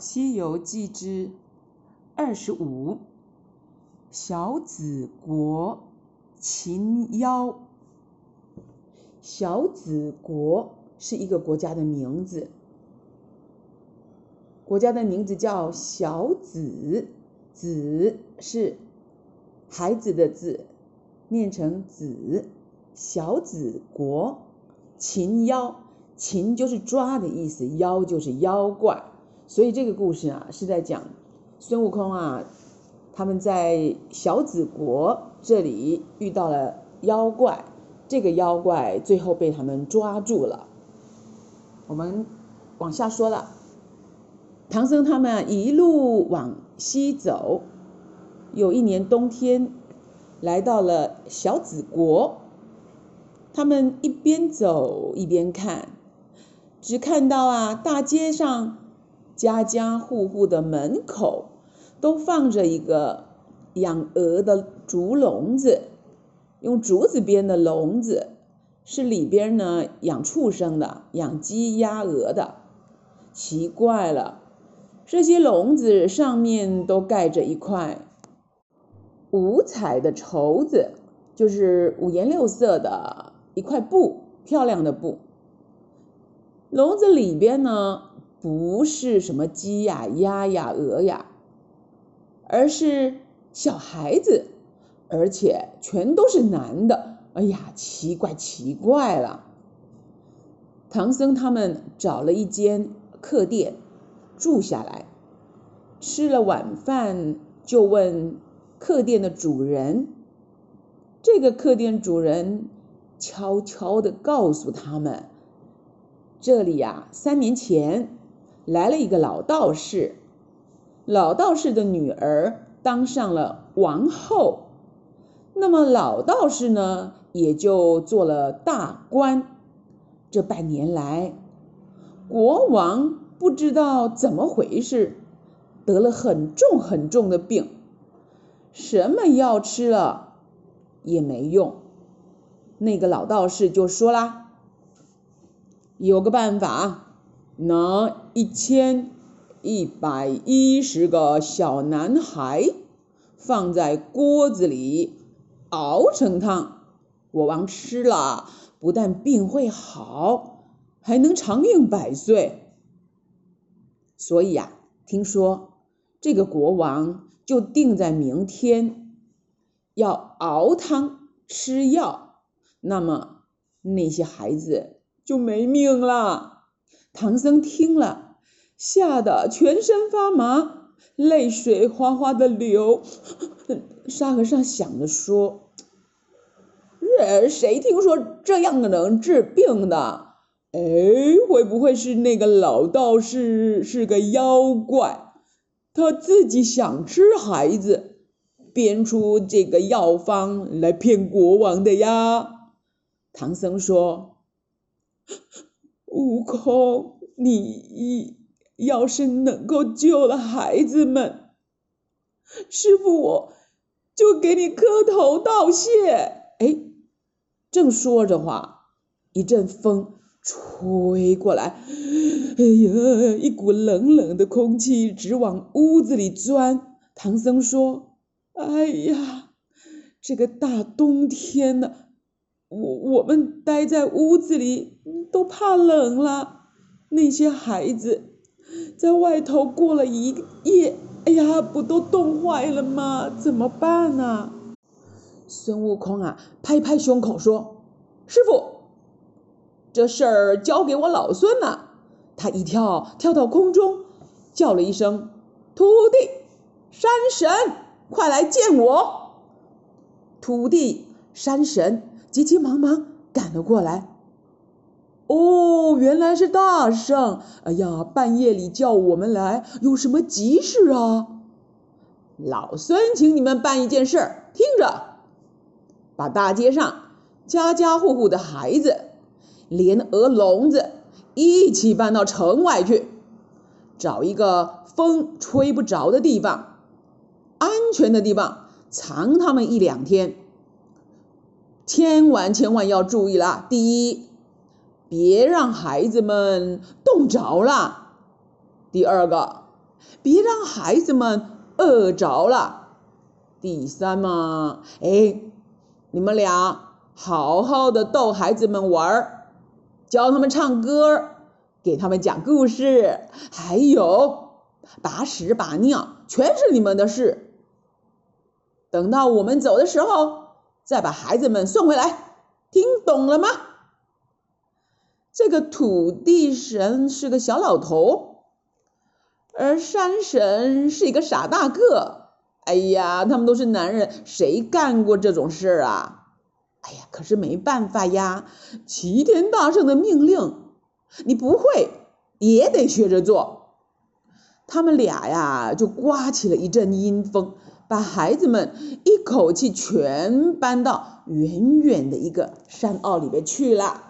《西遊記》之二十五：小子國擒妖。小子國是一個國家的名字，國家的名字叫小子，子是孩子的子，念成子。小子國擒妖，擒就是抓的意思，妖就是妖怪。所以這個故事啊，是在講孫悟空啊，他們在小子國這裡遇到了妖怪，這個妖怪最後被他們抓住了。我們往下說了，唐僧他們一路往西走，有一年冬天來到了小子國，他們一邊走一邊看，只看到啊大街上家家戶戶的門口都放着一個養鵝的竹籠子，用竹子編的籠子，是裡邊呢養畜生的，養雞、鴨、鵝的。奇怪了，這些籠子上面都蓋着一塊五彩的綢子，就是五顏六色的一塊布，漂亮的布。籠子裡邊呢，不是什麼雞呀、鴨呀、鵝呀，而是小孩子，而且全都是男的。哎呀，奇怪奇怪了！唐僧他們找了一間客店住下來，吃了晚飯就問客店的主人。這個客店主人悄悄地告訴他們，這裡呀、啊，三年前。來了一個老道士，老道士的女兒當上了王後，那麼老道士呢，也就做了大官。這半年來，國王不知道怎麼回事，得了很重很重的病，什麼藥吃了也沒用。那個老道士就說啦：“有個辦法。”拿一千一百一十個小男孩放在鍋子裡熬成湯，國王吃了不但病會好，還能長命百歲。所以啊，聽說這個國王就定在明天要熬湯吃藥，那麼那些孩子就沒命了。唐僧聽了，嚇得全身發麻，淚水嘩嘩的流。 沙和尚想着說：“人誰聽說這樣的能治病的？哎，會不會是那個老道士是個妖怪？他自己想吃孩子，編出這個藥方來騙國王的呀？”唐僧說。悟空，你要是能夠救了孩子們，師傅我就給你磕頭道謝。哎，正說着話，一陣風吹過來，哎呀，一股冷冷的空氣直往屋子裡鑽。唐僧說：“哎呀，這個大冬天的。”我我們待在屋子裡都怕冷了，那些孩子在外頭過了一夜，哎呀，不都凍壞了嗎？怎麼辦呢，啊？孫悟空啊，拍拍胸口說：“師傅，這事兒交給我老孫了。”他一跳，跳到空中，叫了一聲：“土地，山神，快來見我！”土地，山神。急急忙忙趕了過來。哦，原來是大聖！哎呀，半夜裡叫我們來，有什麼急事啊？老孫請你們辦一件事，聽着，把大街上家家戶戶的孩子，連鵝籠子一起搬到城外去，找一個風吹不着的地方，安全的地方，藏他們一兩天。千萬千萬要注意啦！第一，別讓孩子們凍着了；第二個，別讓孩子們餓着了；第三嘛，哎，你們倆好好的逗孩子們玩兒，教他們唱歌兒，給他們講故事，還有把屎把尿，全是你們的事。等到我們走的時候。再把孩子們送回來，聽懂了嗎？這個土地神是個小老頭，而山神是一個傻大個。哎呀，他們都是男人，誰幹過這種事兒啊？哎呀，可是沒辦法呀，齊天大聖的命令，你不會也得學着做。他們倆呀，就颳起了一陣陰風。把孩子們一口氣全搬到遠遠的一個山坳裡邊去了。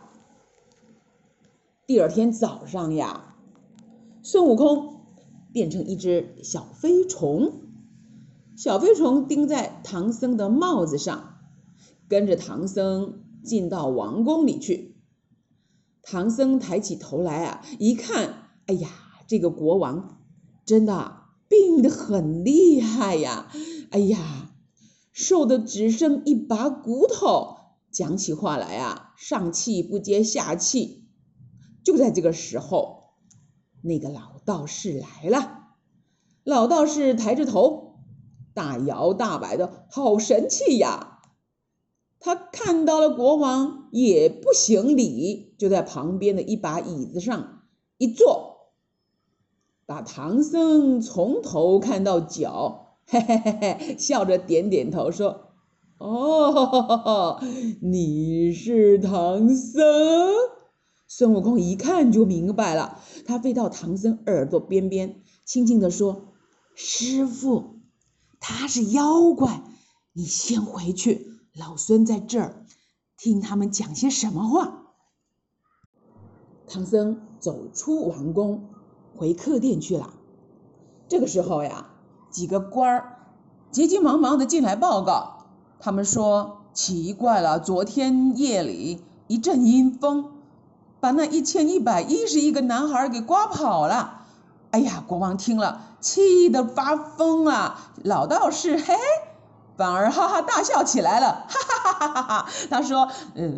第二天早上呀，孫悟空變成一隻小飛蟲，小飛蟲釘在唐僧的帽子上，跟着唐僧進到王宮裡去。唐僧抬起頭來啊，一看，哎呀，這個國王真的。病得很厲害呀！哎呀，瘦的只剩一把骨頭，講起話來啊，上氣不接下氣。就在這個時候，那個老道士來了。老道士抬着頭，大搖大擺的，好神氣呀！他看到了國王也不行禮，就在旁邊的一把椅子上一坐。把唐僧從頭看到腳，嘿嘿嘿嘿，笑着點點頭說：“哦，你是唐僧。”孫悟空一看就明白了，他飛到唐僧耳朵邊邊，輕輕地說：“師傅，他是妖怪，你先回去，老孫在這兒聽他們講些什麼話。”唐僧走出王宮。回客店去了。這個時候呀，幾個官兒急急忙忙的進來報告，他們說：“奇怪了，昨天夜裡一陣陰風，把那一千一百一十一個男孩給刮跑了。”哎呀，國王聽了氣得發瘋啊！老道士嘿，反而哈哈大笑起來了，哈哈哈哈哈哈！他說：“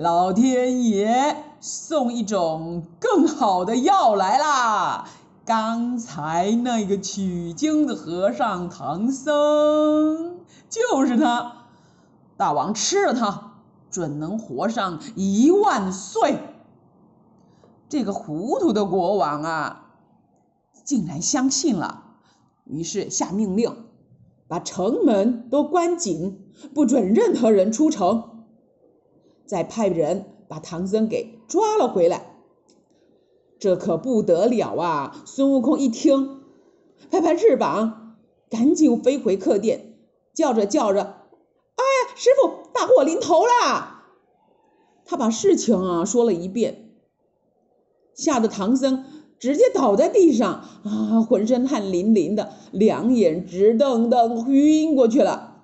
老天爺送一種更好的藥來啦！”剛才那個取經的和尚唐僧，就是他。大王吃了他，準能活上一萬歲。這個糊塗的國王啊，竟然相信了，於是下命令，把城門都關緊，不准任何人出城，再派人把唐僧給抓了回來。這可不得了啊！孫悟空一聽，拍拍翅膀，趕緊飛回客店，叫着叫着：“哎，師傅，大禍臨頭了！”他把事情啊說了一遍，嚇得唐僧直接倒在地上啊，渾身汗淋淋的，兩眼直瞪瞪，暈過去了。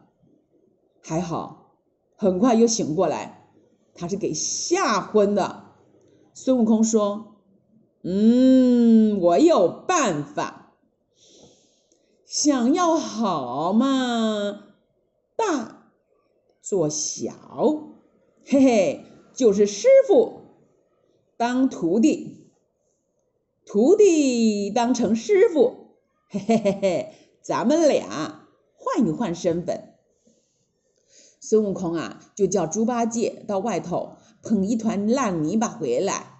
還好，很快又醒過來，他是給嚇昏的。孫悟空說。嗯，我有辦法。想要好嘛，大做小，嘿嘿，就是師傅當徒弟，徒弟當成師傅，嘿嘿嘿嘿，咱們倆換一換身份。孫悟空啊，就叫豬八戒到外頭捧一團爛泥巴回來。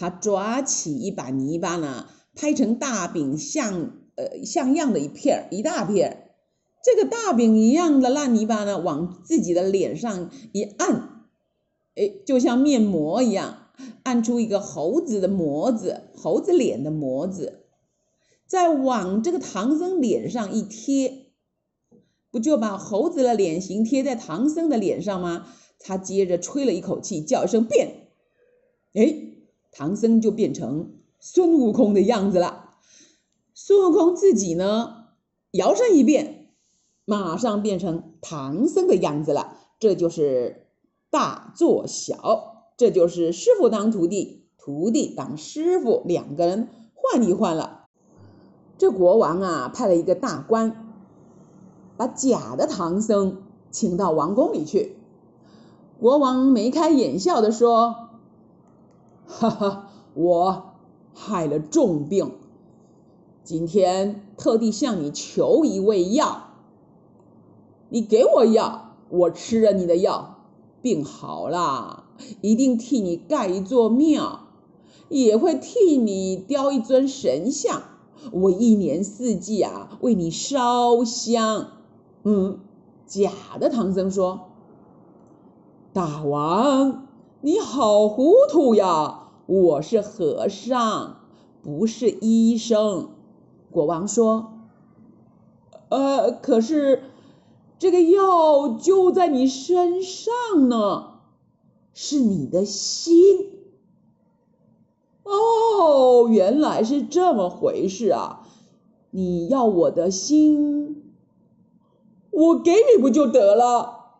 他抓起一把泥巴呢，拍成大餅，像呃像樣的一片，一大片，這個大餅一樣的爛泥巴呢，往自己的臉上一按，哎，就像面膜一樣，按出一個猴子的模子，猴子臉的模子，再往這個唐僧臉上一貼，不就把猴子的臉型貼在唐僧的臉上嗎？他接着吹了一口氣，叫一聲變，哎。唐僧就變成孫悟空的樣子了，孫悟空自己呢，搖身一變，馬上變成唐僧的樣子了。這就是大做小，這就是師傅當徒弟，徒弟當師傅，兩個人換一換了。這國王啊，派了一個大官，把假的唐僧請到王宮裡去。國王眉開眼笑地說。哈哈， 我害了重病，今天特地向你求一味藥。你給我藥，我吃了你的藥，病好啦，一定替你蓋一座廟，也會替你雕一尊神像。我一年四季啊，為你燒香。嗯，假的。唐僧說：“大王，你好糊塗呀！”我是和尚，不是醫生。國王說：“呃，可是這個藥就在你身上呢，是你的心。”哦，原來是這麼回事啊！你要我的心，我給你不就得了？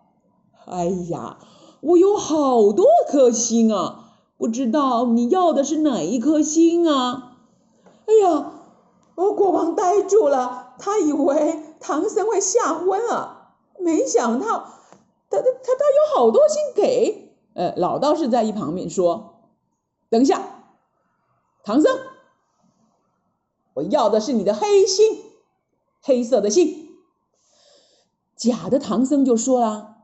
哎呀，我有好多顆心啊！不知道你要的是哪一顆心啊？哎呀，我國王呆住了，他以為唐僧會嚇昏了，沒想到他他他他有好多心給。呃，老道士在一旁面說：“等一下，唐僧，我要的是你的黑心，黑色的心。”假的唐僧就說了：“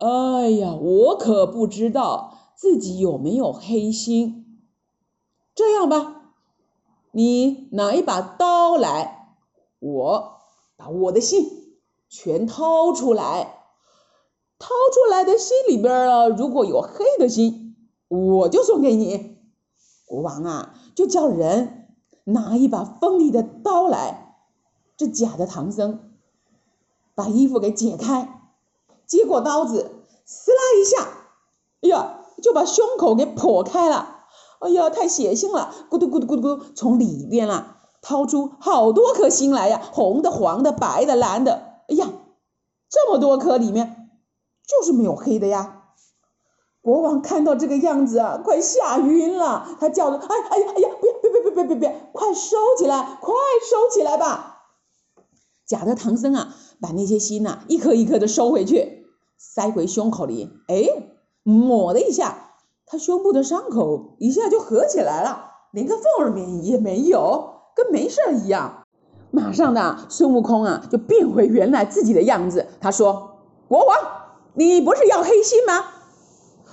哎呀，我可不知道。”自己有沒有黑心？這樣吧，你拿一把刀來，我把我的心全掏出來，掏出來的心裡邊啊，如果有黑的心，我就送給你。國王啊，就叫人拿一把鋒利的刀來。這假的唐僧把衣服給解開，接過刀子，撕拉一下，哎呀！就把胸口給破開了，哎呀，太血腥了！咕嘟咕嘟咕嘟咕，從裡邊啊掏出好多顆心來呀，啊，紅的、黃的、白的、藍的，哎呀，這麼多顆裡面就是沒有黑的呀！國王看到這個樣子啊，快嚇暈了，他叫着：“哎哎哎呀，別別別別別別別，快收起來，快收起來吧！”假的唐僧啊，把那些心吶，啊，一顆一顆的收回去，塞回胸口裡，哎。抹了一下，他胸部的傷口一下就合起來了，連個縫兒裡面也沒有，跟沒事一樣。馬上的孫悟空啊就變回原來自己的樣子。他說：“國王，你不是要黑心嗎？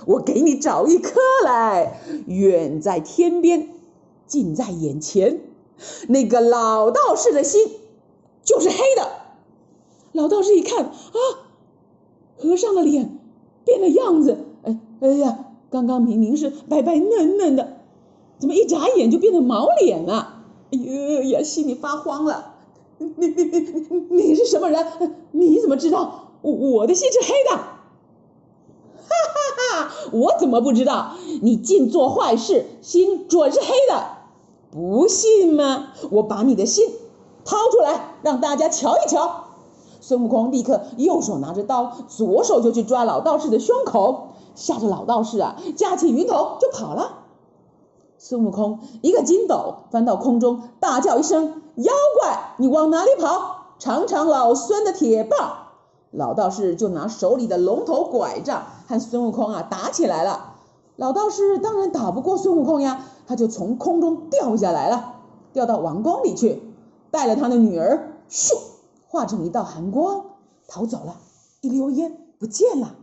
我給你找一顆來，遠在天邊，近在眼前。那個老道士的心就是黑的。”老道士一看啊，和尚的臉變了樣子。哎呀，剛剛明明是白白嫩嫩的，怎麼一眨眼就變得毛臉了啊？哎呦呀，心裡發慌了！你你你你你是什麼人？你怎麼知道我我的心是黑的？哈哈哈！我怎麼不知道？你盡做壞事，心準是黑的，不信嗎？我把你的心掏出來讓大家瞧一瞧！孫悟空立刻右手拿着刀，左手就去抓老道士的胸口。嚇得老道士啊，架起雲頭就跑了。孫悟空一個筋斗翻到空中，大叫一聲：“妖怪，你往哪裡跑？嚐嚐老孫的鐵棒！”老道士就拿手裡的龍頭拐杖和孫悟空啊打起來了。老道士當然打不過孫悟空呀，他就從空中掉下來了，掉到王宮裡去，帶了他的女兒，咻，化成一道寒光逃走了，一溜煙不見了。